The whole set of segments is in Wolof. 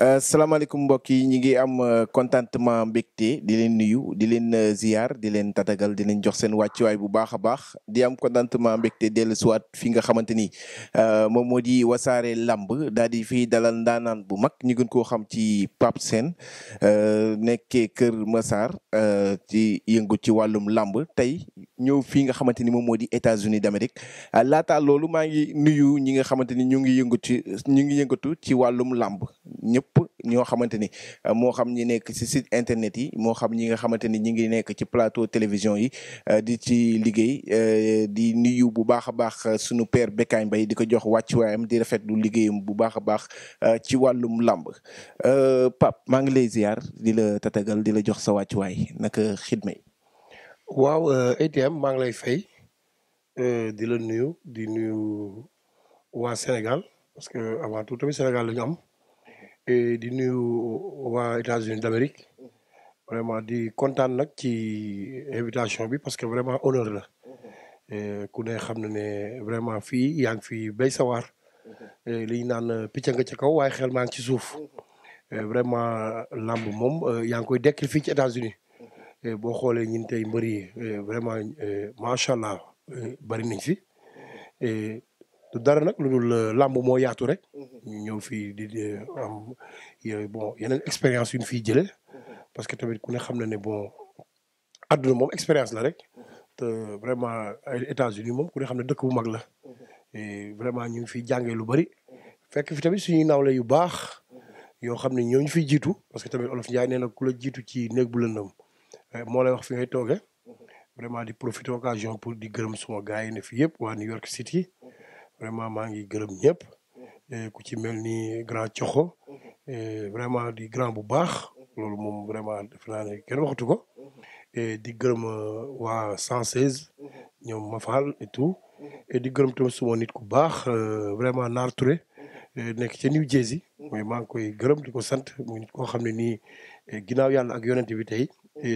Euh, salaamaaleykum mbokk yi ñu ngi am euh, contentement mbégte di leen nuyu di leen euh, ziar di leen tatagal di leen jox seen wàccuwaay bu baax a baax di am contentement mbégte dellu siwaat fi nga xamante ni moom moo di wasaare lamb daal di fi dalal ndaanaan bu mag ñu gën koo xam ci Pape Sène nekkee Kër Massar ci yëngu ci wàllum lamb tey ñëw fii nga xamante ni moom moo di États-Unis d'Amérique laata loolu maa ngi nuyu ñi nga xamante ni ñu ngi yëngu ñu ngi yëngatu ci wàllum lamb ñëpp ñoo xamante ni euh, moo xam ñi nekk ci site internet yi moo xam ñi nga xamante ni ñi ngi nekk ci plateau télévision yi euh, di ci liggéey euh, di nuyu bu baax a baax sunu per Bécaye Mbaye di ko jox wàccuwaayam di rafetlu liggéeyam bu baax a baax ci wàllum làmb Pape maa ngi lay ziar di la tatagal di la jox sa wàccuwaay naka xidma yi waaw ATM maa ngi lay fay di la nuyu di nuyu waa Sénégal parce que avant tout tamit Sénégal la am di nuyu waa États-Unis d'Amérique vraiment di kontaan nag ci invitation bi parce que vraiment honneur la ku ne xam na ne vraiment fii yaa ngi fi bay sawar li ñu naan euh, picc nga ci kaw waaye xel maa ngi ci suuf vraiment làmb moom euh, yaa ngi koy dekkil fii ci États-Unis boo xoolee ñun tey mbër euh, vraiment macha allah bari nañ fi. du dara nag lu dul euh, làmb moo yaatu rek. Mhm. ñu ñëw fii di euh, am bon yeneen expérience yu ñu fiy jëlee. Mhm. parce que tamit ku ne xam na ne bon àdduna moom expérience la rek. Mhm. te vraiment ay États-Unis moom ku ne xam ne dëkk bu mag la. et vraiment ñu ngi fiy jàngee lu bari. fekk fi tamit suñuy nawle yu baax. yoo xam ne ñooñu fiy jiitu parce que tamit olof Ndiaye nee na ku la jiitu ci néeg bu lëndëm euh, moo lay wax fi ngay toogee. vraiment di profiter occasion pour di gërëm suma gars yi ne fii yëpp waa New York City. vraiment maa ngi gërëm ñëpp eh, ku ci mel ni grand coxo eh, vraiment di grand bu baax loolu moom vraiment def naa ne kenn waxatu ko eh, di gërëm waa 116 ñoom Mafal et tout et di gërëm tu suma nit ku baax vraiment Naar Touré nekk ca New Jersey mooy maa ngi koy gërëm di ko sant muy nit koo xam ne nii ginnaaw yàlla ak yonent bi tey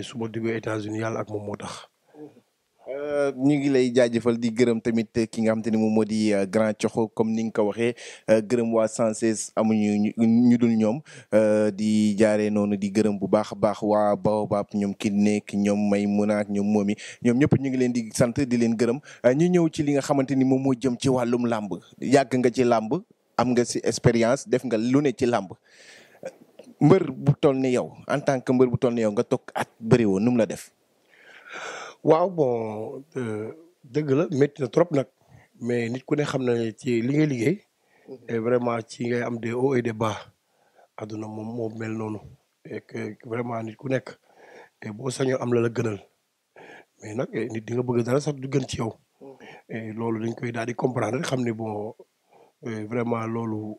su ma duggee États-Unis yàlla ak moom moo tax ñu ngi lay jaajëfal di gërëm tamit ki nga xam te moom moo di euh, grand coxo comme ni nga ko waxee euh, gërëm waa 116 amuñu ñu ñu dul ñoom euh, di jaaree noonu di gërëm bu baax a baax waa Baobab ñoom ki nekk ñoom may munaak ñoom moomi ñoom ñëpp ñu ngi leen di sant di leen gërëm ñu ñëw ci li nga xamante ni moom moo jëm ci wàllum làmb yàgg nga ci làmb am nga si expérience def nga lu ne ci làmb mbër bu toll ni yow en tant que mbër bu toll ni yow nga toog at bëriwoo nu mu la def waaw bon euh, dëgg la métti na trop nag mais nit ku ne xam na ci li ngay liggéey. Mhm. et vraiment ci ngay am des hauts et des bas. moom moo mel noonu et que vraiment nit ku nekk et boo sañoo am la la gënal mais nag eh, nit di nga bëgg dara sax du gën ci yow. Mhm. loolu dañ koy daal di comprendre xam ne boo euh, vraiment loolu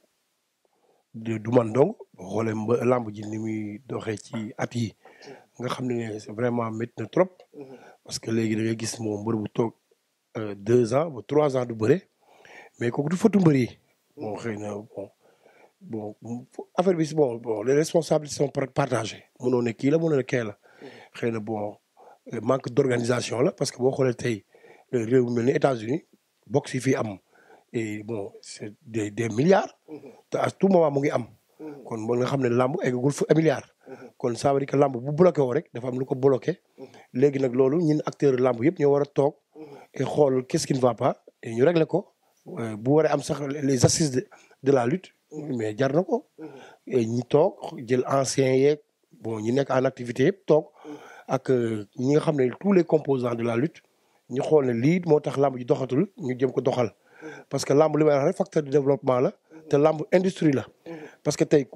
du man boo xoolee mba làmb ji ni muy doxee ci at yi mhm. nga xam ne vraiment métti na trop. parce que léegi da ngay gis moom mbër bu toog euh, deux ans ba trois ans du bëre mais kooku du fatu mbër bon xëy na bon bon affaire bi si bon bon les responsables sont partagés mënoo ne kii la mënoo ne kee la xëy na bon euh, manque d'organisation la parce que boo xoolee tey euh, réew mi mel ni États-Unis boxe yi fii am et bon c'est des des milliards mmh te à tout mu ngi am kon ba nga xam ne làmb eggagul fa milliards kon ça veut dire que lamb bu bloqué woo rek dafa am lu ko bloqué. léegi nag loolu ñun acteurs lamb yëpp ñoo war a toog. et xool qu'est-ce qui ne ñu réglé ko. Euh, bu waree am sax les assises de de la lutte. mais jar na ko. ñi toog jël anciens yeeg bon ñi nekk en activité yëpp toog. ak euh, ñi nga xam ne tous les composants de la lutte. ñu xool ne liit moo tax lamb ji doxatul ñu jëm ko doxal. parce que lamb li may wax rek facteur de développement la. te lamb industrie la. parce que tey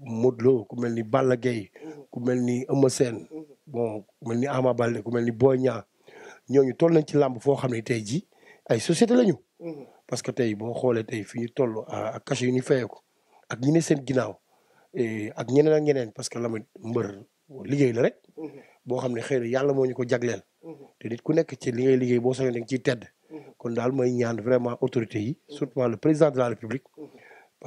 Modou Lo ku mel ni Balla Gaye mhm. ku mel ni Eumeu Sène mhm. bon ku mel ni Ama ku mel ni Boy Niang ñooñu toll nañ ci lamb foo xam ne tey ji ay société lañu. Mhm. parce que tey boo xoolee tey fi ñu toll a ah, cachet yu ñu fayee ko ak ñi ne seen ginnaaw eh, ak ñeneen ak ñeneen parce que la ma mbër liggéey la rek. boo xam ne xëy na yàlla moo ñu ko jagleel. te nit ku nekk ci li ngay liggéey boo soxee da nga ciy tedd. kon daal mooy ñaan vraiment autorité yi. surtout le président de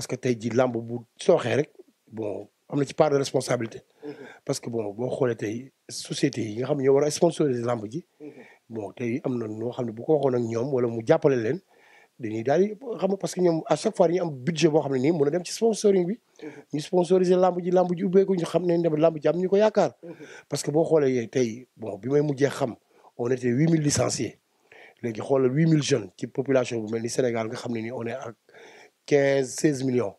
que tey jii làmb bu sooxee rek. bon am na ci part de responsabilité. Mm-hmm. parce que bon boo xoolee tey société yi nga xam ne ñoo war a sponsoriser lamb ji. Mm-hmm. bon tey am na ñoo xam ne bu ko waxoon ak ñoom wala mu jàppale leen dañuy daal di xam parce que ñoom à chaque fois boo xam ne nii mën a dem ci sponsoring bi. Mm-hmm. ñu sponsoriser lamb ji lamb ji ubbeeku ñu xam ne ne lamb ji am ñu ko yaakaar. parce que boo xoolee tey bon bi may mujjee xam on était huit mille licenciés léegi xoolal huit mille jeunes ci population bu mel ni Sénégal nga xam ne nii on est à quinze seize millions.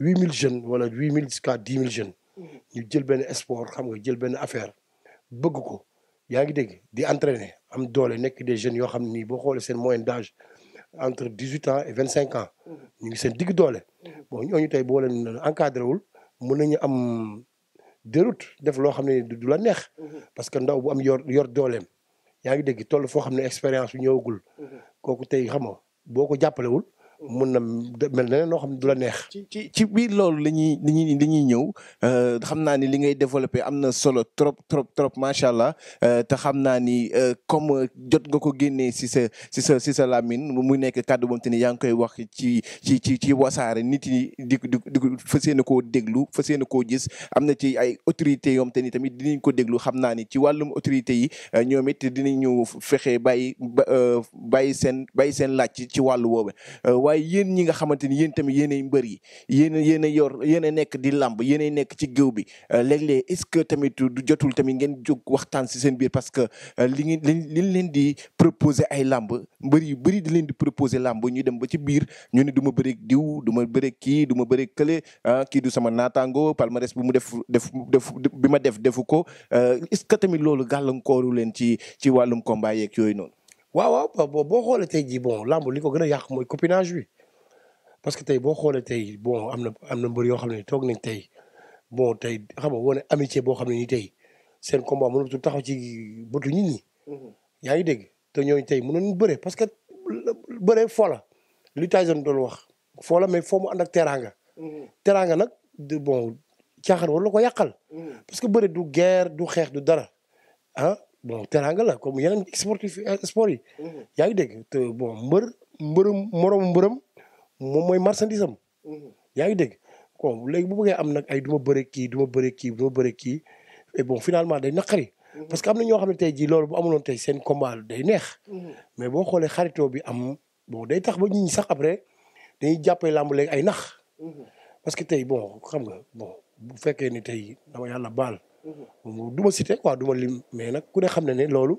huit mille jeunes wala huit mille jusqu'à dix mille jeunes mm-hmm. ñu jël benn sport xam nga jël benn affaire bëgg ko yaa ngi dégg di entraîner am doole nekk des jeunes yoo xam ne nii boo xoolee seen moyenne dage entre dix huit ans et vingt cinq ans mm-hmm. ñu ngi seen digg doole mm-hmm. boo ñu oñu tey boo leen encadré wul mën nañu am déroute def loo xam ne du la neex parce que ndaw bu am yor yor dooleem yaa ngi dégg toll foo xam ne expérience bi ñëwagul kooku tey xam nga boo ko jàppalewul mun na mel neneen noo xam ne neex. ci ci ci biir loolu la ñuy li ñuy li ñuy ñëw euh, xam naa ni li ngay développé am na solo trop trop trop macha allah euh, te xam naa ni euh, comme jot nga ko génnee si sa si sa si sa lamine muy nekk kàddu boobu te ni yaa ngi koy wax ci ci ci ci wasaare nit yi di di di fas yéene koo déglu fas yéene koo gis am na ci ay autorités yoom te ni tamit dinañ ko déglu xam naa ni ci wàllum autorités yi ñoom it dinañu fexe bàyyi bàyyi seen bàyyi seen laaj ci ci wàllu woowu. waaye yéen ñi nga xamante ni yéen tamit yéenay mbër yi yéen yéen a yor yéen nekk di làmb yeneey nekk ci géew bi euh, léeg-léeg est-ce que tamit du jotul tamit ngeen jóg waxtaan si seen biir parce que euh, li ngeen li leen di proposer ay làmb mbër yu bëri di leen di proposer làmb ñu dem ba ci biir ñu ne duma ma bëreeg diw du ma kii duma ma bëreeg kële ah, kii du sama naataango palmarès bi mu def def def bi ma def defu ko euh, est-ce que tamit loolu gàllankooru leen ci ci wàllum combat yeeg yooyu noonu waaw waaw boo boo xoolee tey jii bon làmb li ko gën a yàq mooy copinage bi parce que tey boo xoolee tey bon am na am na mbër yoo xam ne toog nañ tey bon tey xam nga wane amitié boo xam ne nii tey seen combat mënatu taxaw ci bëtu nit ñi. Mm-hmm. yaa ngi dégg te ñooñu tey mënoon bëre parce que bëre foo la li Tyson doon wax foo la mais foo mu ànd ak teraanga. Mm-hmm. teraanga nag bon caaxaan war la ko yàqal. Mm-hmm. parce que bëre du guerre du xeex du dara ah, bon teraanga la comme yeneen sportif sport yi. Mhm. yaa ngi dégg bon mbër mbërëm moroom mbërëm moom mooy marchandise am. Mhm. yaa ngi dégg bon léegi bu bëggee am nag ay duma ma bëre kii du ma bëre kii du ma kii et bon finalement day naqari. Mhm. parce que am na ñoo xam ne tey jii loolu bu amuloon tey seen combat day neex. mais boo xoolee xaritoo bi am bon day tax ba nit ñi sax après dañuy jàppee làmb léegi ay nax. parce que tey boo xam nga bon bu fekkee ni tey dama yàlla baal. du ma cité quoi du ma lim mais nag ku ne xam ne ne loolu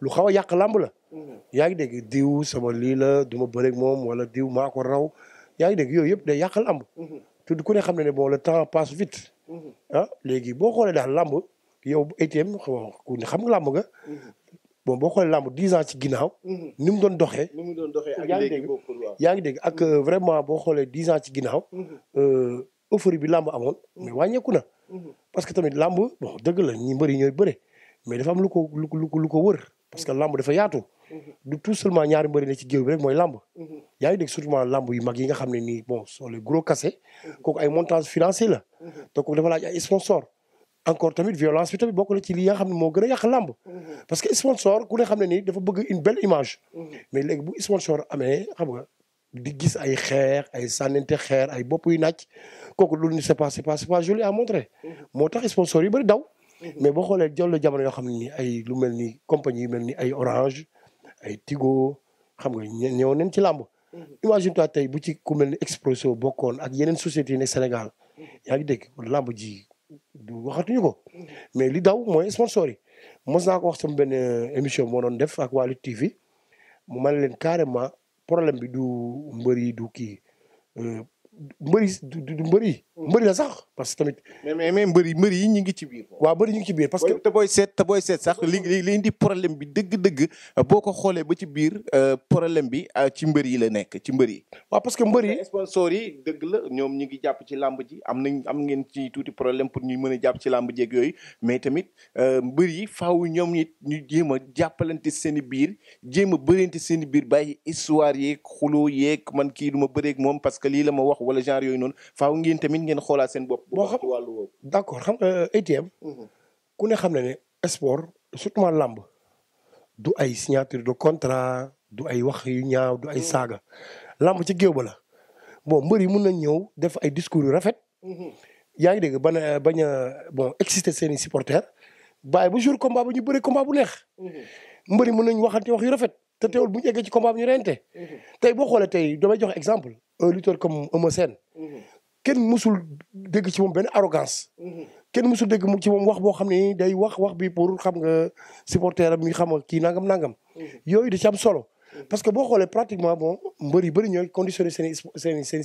lu xaw a yàq làmb la. yaa ngi dégg diw sama lii la du ma bëreeg moom wala diw maa ko raw yaa ngi dégg yooyu yëpp day yàq làmb. te ku ne xam ne ne boo le temps passe vite. ah léegi boo xoolee daal làmb yow ATM ku ne xam nga làmb nga. bon boo xoolee làmb dix ans ci ginnaaw. ni mu doon doxee. ni mu doon doxee ak léegi yaa ngi dégg ak euh, vraiment boo xoolee dix ans ci ginnaaw. Mhm. Euh, euphorie bi làmb amoon. mais wàññeeku na. Mhm. parce que tamit làmb bon dëgg la ñi mbëri ñooy bëre mais dafa am lu ko lu lu ko wër parce que làmb dafa yaatu. Mhm. du tout seulement ñaari mbëri ne ci géew rek mooy lamb mhm. yaa ngi dégg surtout làmb yu mag yi nga xam ne nii bon sont les gros cassés. kooku ay montage financiers la. te kooku dafa laaj ay sponsor encore tamit violence bi tamit bokk na ci li nga xam ne moo gër a yàq làmb. parce que sponsor ku ne xam ne nii dafa bëgg une belle image. mais léegi bu sponsor amee xam nga di gis ay xeex ay sànnante xeer ay bopp yu naaj kooku loolu ni c'est pas c'est pas c'est pas joli à montrer. Mhm. moo tax sponsor yu bëri daw. Mhm. mais boo xoolee jël jamono yoo xam ne nii ay lu mel ni compagnie yu mel ni ay Orange ay Tigo xam nga ñëw nañ ci làmb. Mhm. imagine toi tey bu ci ku mel ni Expresso bokkoon ak yeneen société yi ne Sénégal yaa ngi dégg làmb ji du waxatuñu ko. mais li daw mooy sponsor yi mos naa ko wax sama benn euh, émission moo doon def ak waa Lutte TV mu mën leen carrément problème bi du mbër du kii. Euh, mbëri du du mbëri. Mm. mbëri la sax parce que tamit. mais mais mais mbëri mbëri yi ñu ngi ci biir. waa mbëri ñu ngi ci biir parce que. te booy seet te booy seet sax li li indi problème bi dëgg-dëgg euh, boo ko xoolee ba ci biir euh, problème bi euh, ci mbëri yi la nekk ci mbëri yi. waaw parce que mbëri yi sponsor yi dëgg la ñoom ñu ngi jàpp ci làmb ji am nañ am ngeen ci tuuti problème pour ñu mën a jàpp ci làmb jeeg yooyu mais tamit mbëri yi faaw ñoom it ñu jéem a jàppalante seen i biir jéem a bërente seen i biir bàyyi histoire yeeg xuloo yeeg man kii du ma bëreeg moom parce que lii la ma wax wala genre yooyu noonu faaw ngeen tamit ngeen xoolaat seen bopp. boo xam wàllu xam nga euh, ATM. Mhm. ku ne xam na ne sport surtout làmb du ay signature de contrat du ay wax yu ñaaw du ay mhm. saaga làmb ci géew ba la bon mbër yi mun nañ ñëw def ay discours yu rafet. Mhm. yaa ngi dégg bañ a bañ a bon excité seen i supporters bàyyi ba jour combat ba ñu bëre combat bu neex. mbër yi mën nañ waxante wax yu rafet te teewul bu ñu ci combat bu ñu rente tey boo xoolee tey damay jox exemple un lutteur comme Eumeu Sène mhm. kenn mësul dégg ci moom benn arrogance mhm. kenn mësul dégg mu ci moom wax boo xam ne day wax wax bi pour xam nga supporter am mi xam nga kii nangam nangam mhm. yooyu da ci am solo parce que boo xoolee pratiquement bon mbër yu bëri ñooy conditionné seen seen seen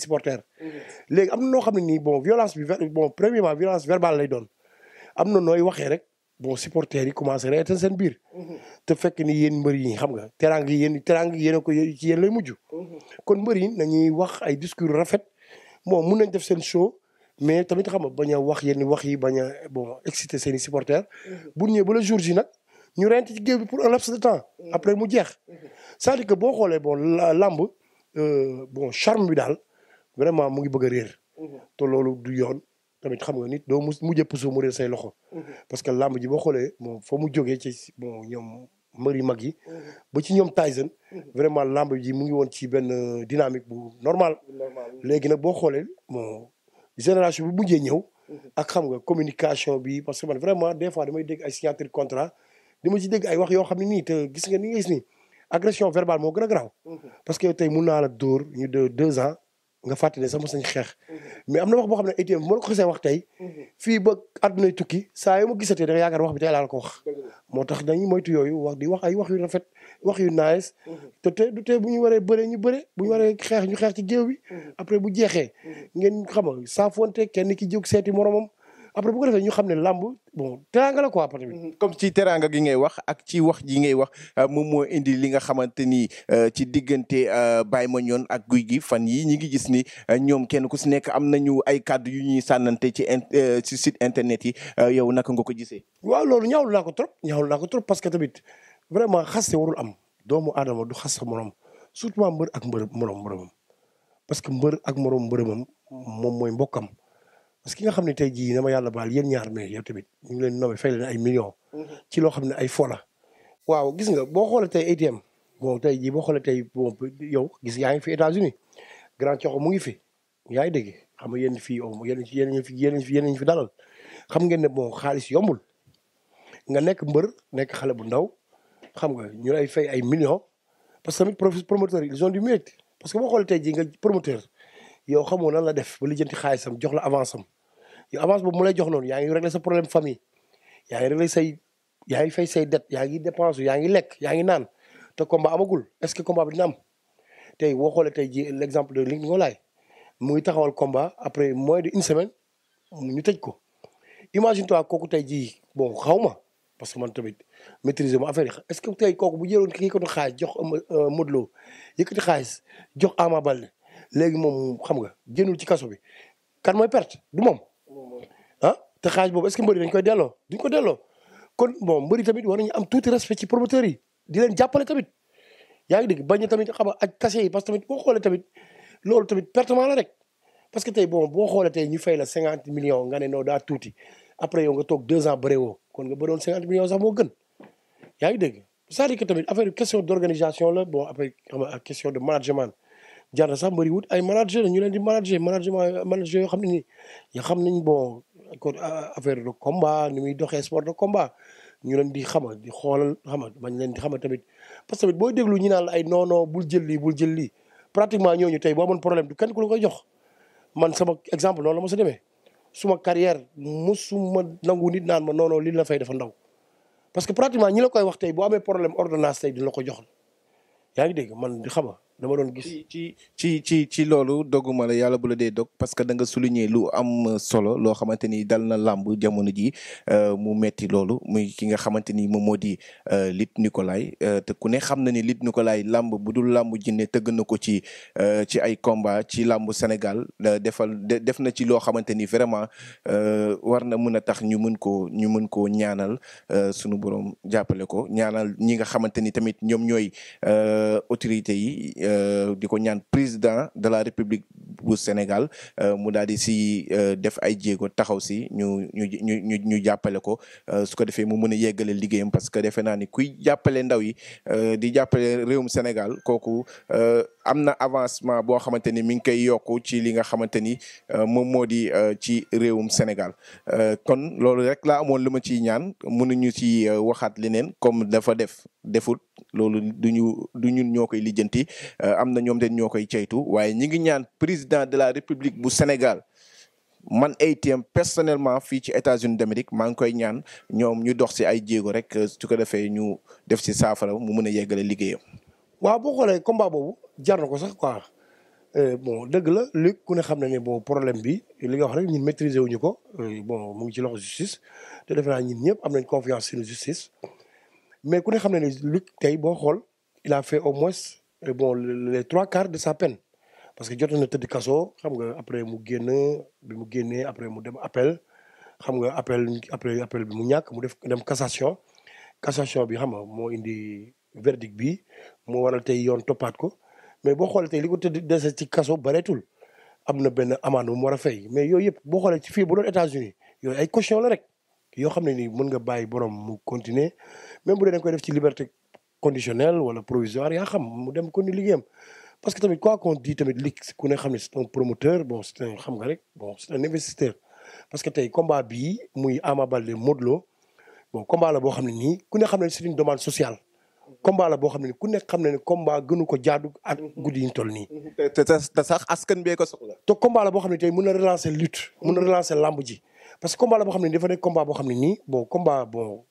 léegi am na noo xam ne nii bon violence bi bon premièrement violence verbale lay doon am na nooy waxee rek bon supporters yi commencé reetal seen biir. te fekk ni yéen mbër yi xam nga terang yi yéen terang yi yéen a ko ci yéen lay mujj. kon mbër yi nañuy wax ay discours rafet bon mun nañ def seen show mais tamit xam nga bañ a wax yenn wax yi bañ a bon excité seen i bu ñëwee ba jours yi nag ñu rent ci géew bi pour un laps de temps. après mu jeex. cest à que boo xoolee bon làmb euh, bon charme bi daal vraiment mu ngi bëgg a réer. te loolu du yoon. tamit xam nga nit doo mu mujj a puso mu réer loxo. Mm-hmm. parce que làmb ji boo xoolee moom fa mu jogee ci bon ñoom mbër yu mag yi. Mm-hmm. ba ci ñoom Tyson. Mm-hmm. vraiment làmb ji mu ngi woon ci benn euh, dynamique bu normal. léegi nag boo xoolee bon génération bi mujjee ñëw. ak xam nga communication bi parce que man vraiment des fois damay dégg ay signature contrat di ma ci dégg ay wax yoo xam ne nii te gis nga ni nga gis nii agression verbale moo gën a garaaw. parce que tey mun naa la dóor ñu de nga fàttali ne sax mos nañu xeex mhm. mais am na wax boo xam ne ATM moo la ko xasee wax tey mhm. fii ba àddunay tukki saa yu ma gisatee da nga yaakaar wax bi tey laa ko moo tax dañuy moytu yooyu wax di wax ay wax yu rafet wax yu nice mhm. te te bu ñu waree bëree ñu bëre bu ñu waree xeex ñu xeex ci géew bi après bu jeexee ngeen xam nga saafonte kenn ki jóg seeti moromam après bu ko defee ñu xam ne làmb bon teraanga la quoi après mm-hmm. comme ci teraanga gi ngay wax ak ci wax ji ngay wax euh, moom moo indi li nga xamante ni euh, ci diggante euh, Baye Mandione ak guy Gui fan yi ñi ngi gis ni ñoom kenn ku si nekk am na ñu ay kàddu yu ñuy sànnante ci ci site internet yi yow naka nga ko gisee waaw loolu ñaawlu naa ko trop ñaawlu naa ko trop parce que tamit vraiment xaste warul am doomu aadama du xas sa morom surtout mbër ak mbër morom moromam parce mbër ak morom mbërëmam moom mooy mbokkam parce que nga xam ne tey jii dama yàlla baal yéen ñaar mais yow tamit ñu ngi leen nommé fay leen ay millions. Mhm. ci loo xam ne ay fo la. waaw gis nga boo xoolee tey ATM bon tey jii boo xoolee tey bon yow gis yaa ngi fi États-Unis grand coxo mu ngi fi yaa ngi dégg xam nga yéen fii oh, yéen yéen ñu fi yéen fi yéen fi dalal xam ngeen ne bon xaalis yombul nga nekk mbër nekk xale bu ndaw xam nga ñu lay fay ay millions parce que tamit promoteur ils ont du mérite parce que boo xoolee tey jii nga promoteur. yow xamoo nan la def ba lijjanti xaalisam jox la avance am yow avance boobu mu lay jox noonu yaa ngi réglé sa problème famille yaa ngi réglé say yaa ngi fay say dette yaa ngi dépense yaa ngi lekk yaa ngi naan te combat amagul est-ce que combat bi dina am tey boo xoolee tey ji l'exemple de Luc Nicolaï mu ngi taxawal combat après moins d'une semaine ñu tëj ko imagine toi kooku tey jii bon xaw ma parce que man tamit maîtriser ma affaire yi est-ce que tey kooku bu jëloon ki yëkkati xaalis jox euh, Modou Lo yëkkati xaalis jox Ama Baldé léegi moom xam nga génnul ci kaso bi kan mooy perte du moom. ah te xaaj boobu est-ce que mbëri dañ koy delloo duñ ko delloo kon bon tamit war nañu am tuuti respect ci promoteurs yi di leen jàppale tamit yaa ngi dégg bañ tamit xam nga ak kase yi parce que tamit boo xoolee tamit loolu tamit pertement la rek parce boo xoolee tey ñu fay la cinquante million nga ne noo daa tuuti après yow nga toog deux ans bëree kon nga bëroon cinquante millions sax moo gën yaa ngi dégg c'est-à-dire que tamit affaire question d'organisation la bon après xam nga question de Jarna sax bëriwut ay manager ñu leen di manager management manager yoo xam ne nii ya xam nañ bon kon ah, ah, affaire de combat ni muy doxee sport de combat ñu leen di xama di xoolal xama bañ leen di xama tamit parce que tamit booy déglu ñu naan ay non non bul jël lii bul jël lii pratiquement ñu tey boo amoon problème du kenn ku la koy jox man sama exemple loolu la ma sa demee suma carrière musuma nangu nit naan ma non lii la fay dafa ndaw parce que pratiquement ñi la koy wax tey boo amee problème ordonnance tey la ko jox yaa ngi dégg man di xama dama doon gis ci ci ci ci loolu dogguma yàlla bu la dee dog parce que danga nga souligner lu am solo loo xamante ni dal na làmb jamono ji euh, mu metti loolu muy ki nga xamante ni moom moo di euh, Luc Nicolaï euh, te ku ne xam na ni Luc Nicolaï làmb bu dul làmb jinne tëgg na ko ci ci ay combat ci làmb Sénégal defal def na ci loo xamante ni vraiment war na mën a tax ñu mën koo ñu mën koo ñaanal sunu borom jàppale ko ñaanal ñi nga xamante ni tamit ñoom ñooy autorité yi Euh, di ko ñaan président de la république bu Sénégal euh, mu daal di si euh, def ay jéego taxaw si ñu ñu ñu ñu ñu jàppale ko su ko defee mu mën a yeggale liggéeyam parce que defe naa ni kuy jàppale ndaw yi di jàppale réewum Sénégal kooku. am na avancement boo xamante ni mi ngi koy yokku ci li nga xamante ni euh, moom moo di euh, ci réewum Sénégal euh, kon loolu rek la amoon lu ma ciy ñaan mënuñu ci waxaat leneen comme dafa def defut loolu duñu du ñun ñoo koy lijjanti am na ñoom den ñoo koy ceytu waaye ñu ngi ñaan président de la République bu Sénégal man ATM personnellement fii ci États-Unis d'Amérique maa ngi koy ñaan ñoom ñu dox si ay jéego rek su ko defee ñu def si saafara mu mën a yeggale liggéeyam. waaw boo xoolee combat jar na ko sax quoi euh, bon dëgg la léegi ku ne xam na ne bon problème bi li nga wax rek ñun maîtriser wuñu ko euh, bon mu ngi ci loxo justice te defe naa ñun ñëpp am nañ confiance seen justice mais ku ne xam na ni Luc tey boo xool il a fait au moins euh, bon les trois quarts de sa peine parce que jot na tëdd kaso xam nga après mu génn bi mu génnee après mu dem appel xam nga appel après appel bi mu ñàkk mu def dem cassation cassation bi xam nga moo indi verdict bi moo waral tey yoon toppaat ko mais boo xoolee tey li ko tëdd dese ci kaso bareetul am na benn amende bu mu war a fay mais yooyu yëpp boo xoolee ci fii bu doon États-Unis yooyu ay caution la rek yoo xam ne nii mën nga bàyyi borom mu continuer même bu dee da nga koy def ci liberté conditionnelle wala provisoire yaa xam mu dem ko ni liggéeyam parce que tamit quoi qu'on dit tamit li ku ne xam ne c'est un promoteur bon c'est un xam nga rek bon c'est un investisseur parce que tey combat bii muy Ama Baldé Modou Lô bon boo xam ne nii ne xam ne c'est demande sociale combat boo xam ne ku nekk xam na ne combat gënu ko jaadu ak nii. te sax askan bee ko soxla. te combat boo xam ne tey mën na relancer lutte mën na relancer lamb ji parce que combat boo xam ne dafa nekk combat boo xam ne nii bon combat bon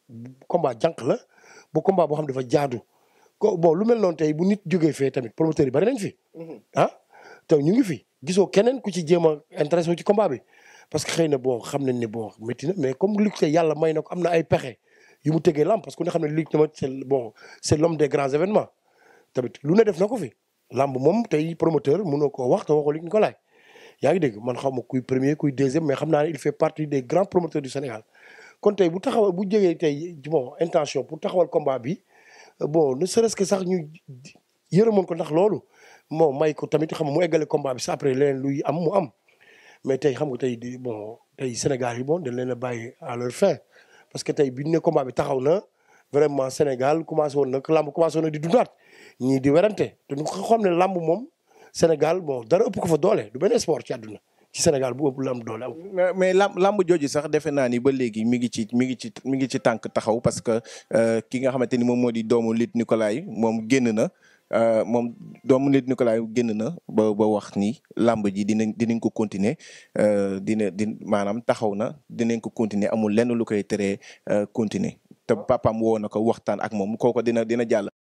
combat jànq la bu combat boo xam ne dafa jaadu ko lu mel noon tey bu nit jogee fee tamit promoteur yi bari nañ fi. Mhm. ah te ñu ngi fi gisoo keneen ku ci jéem a intéressé ci combat bi parce que xëy na bon xam nañ ne boo métti na mais comme lutte yàlla may na ko am na ay pexe. yi mu tegee làmb parce que ku ne xam ne Luc tamit c'est bon c'est l'homme des grands événements tamit lu ne def na ko fi lamb moom tey promoteur mënoo ko wax te waxoo Luc Nicolaï yaa ngi dégg man xaw ma kuy premier kuy deuxième mais xam naa ne il fait partie des grands promoteurs du Sénégal kon tey bu taxawal bu jógee tey bon intention pour taxawal combat bi bon ne serait-ce sax ñu yërëmoon ko ndax loolu moo may ko tamit xam mu eggale combat bi sax après leneen luy am mu am mais tey xam nga tey bon tey Sénégal yi bon dañ leen a bàyyi à leur fin parce que tey bi ñu ne combat bi taxaw na vraiment Sénégal commencé woon nag làmb commencé woon na di dundaat ñii di werante te ñu xam ne làmb moom Sénégal bon dara ëpp ko fa doole du benn sport ci adduna ci Sénégal bu ëpp làmb doole mais làmb làmb jooju sax defe naa ni ba léegi mi ngi ci mi ngi ci mi ngi ci tànk taxaw parce que euh, ki nga xamante ni moom moo di doomu Luc Nicolaï moom génn na. Euh, moom doomu ko Nicolas génn na ba ba wax ni làmb ji dinañ dinañ ko continuer euh, dina di maanaam taxaw na dinañ ko continuer amul lenn lu koy teree euh, continuer te papaam woo na ko waxtaan ak moom kooku dina dina jàll.